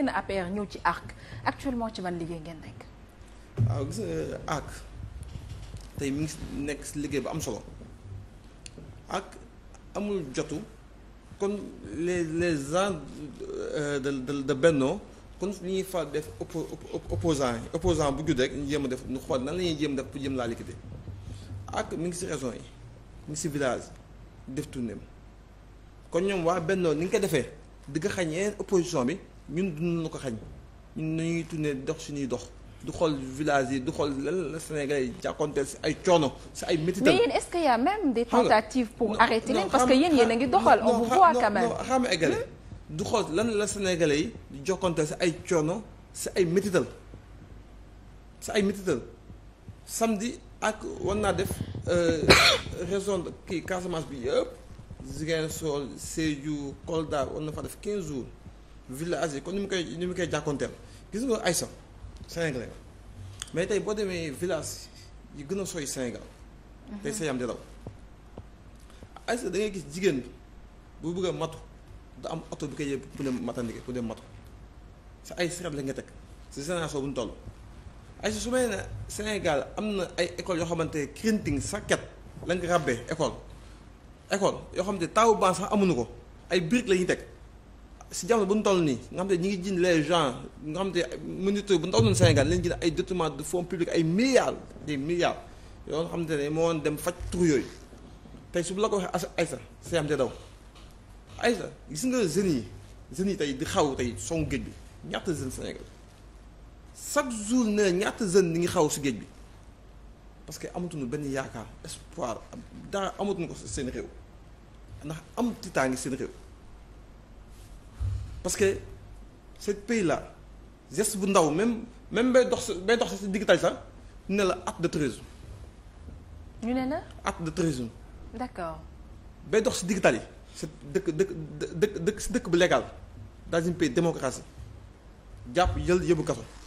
génn APR ñëw ci ARC actuellement ci ban liggéey ngeen nekk. waaw gis tey mi ngi nekk si liggéey bu am solo ARC amul jotu kon les les gens de de de Benno kon li ñuy faral def oppo opposant yi opposant bu judd rek jéem a def ñu xool nan la ñuy jéem def pour jéem laa liquider ARC mi ngi si région yi mu ngi si village def tournéem kon ñoom waa bennoo ni nga ko defee di nga xañ yeneen opposition bi. ñun dund na ko xañ ñun nañuy tourné dox suñuy dox du xool village yi du xool lan la Sénégalais yi jàkkonteel si ay coono si ay métital. mais yéen est-ce qu'il y a même des tentatives pour arrêter que yéen yéen a ngi doxal on vous voit hmm? xool lan la Sénégalais yi di jokkonteel si ay coono si ay métital si ay métital samedi ak war naa def euh, raison kii Casamance bi yëpp Ziguinchor Sédhiou Kolda war na fa def quinze jours villa Asie kon ni mu koy ni mu koy jàkkoonteel gis nga Aïssa Sénégalais mais tey boo demee village yi gën a sooy Sénégal tey sa yam di raw Aïssa da ngay gis jigéen bi bu bëgg a matu am oto bi koy yëpp pour dem matandike pour dem matu sa ay serat la nga teg si génération bu ñu toll Aïssa su may ne Sénégal am na ay école yoo xamante crinting sàkket la nga ràbbee école école yoo xamante taawu ban sax amuñu ko ay briques la ñuy teg si jamono bu ñu toll nii nga xam te ñi ngi jiñ les gens nga xam te ministre bu ndaw noonu Sénégal leen jël ay détournement de fonds publics ay milliards des milliards yoo xam te ne moo dem faj tur yooyu tey su bu la ko waxee Aïssa say am te daw Aïssa gis nga jeunes yi jeunes yi tey di xaw tey songu géej bi ñaata jeunes Sénégal chaque jour ne ñaata jeunes ñi ngi xaw si géej bi parce que amatuñu benn yaakaar espoir dara amatuñu ko seen réew ndax am tiitaange seen réew parce que ce pays là geste bu ndaw même même bay dox bay dox sa digg sax ne la acte de trahison. ñu ne la. acte de trahison. d'accord. bay dox si digital yi si dëkk dëkk dëkk dëkk si dëkk bu legal dans un pays démocratie jàpp yël yóbbu kaso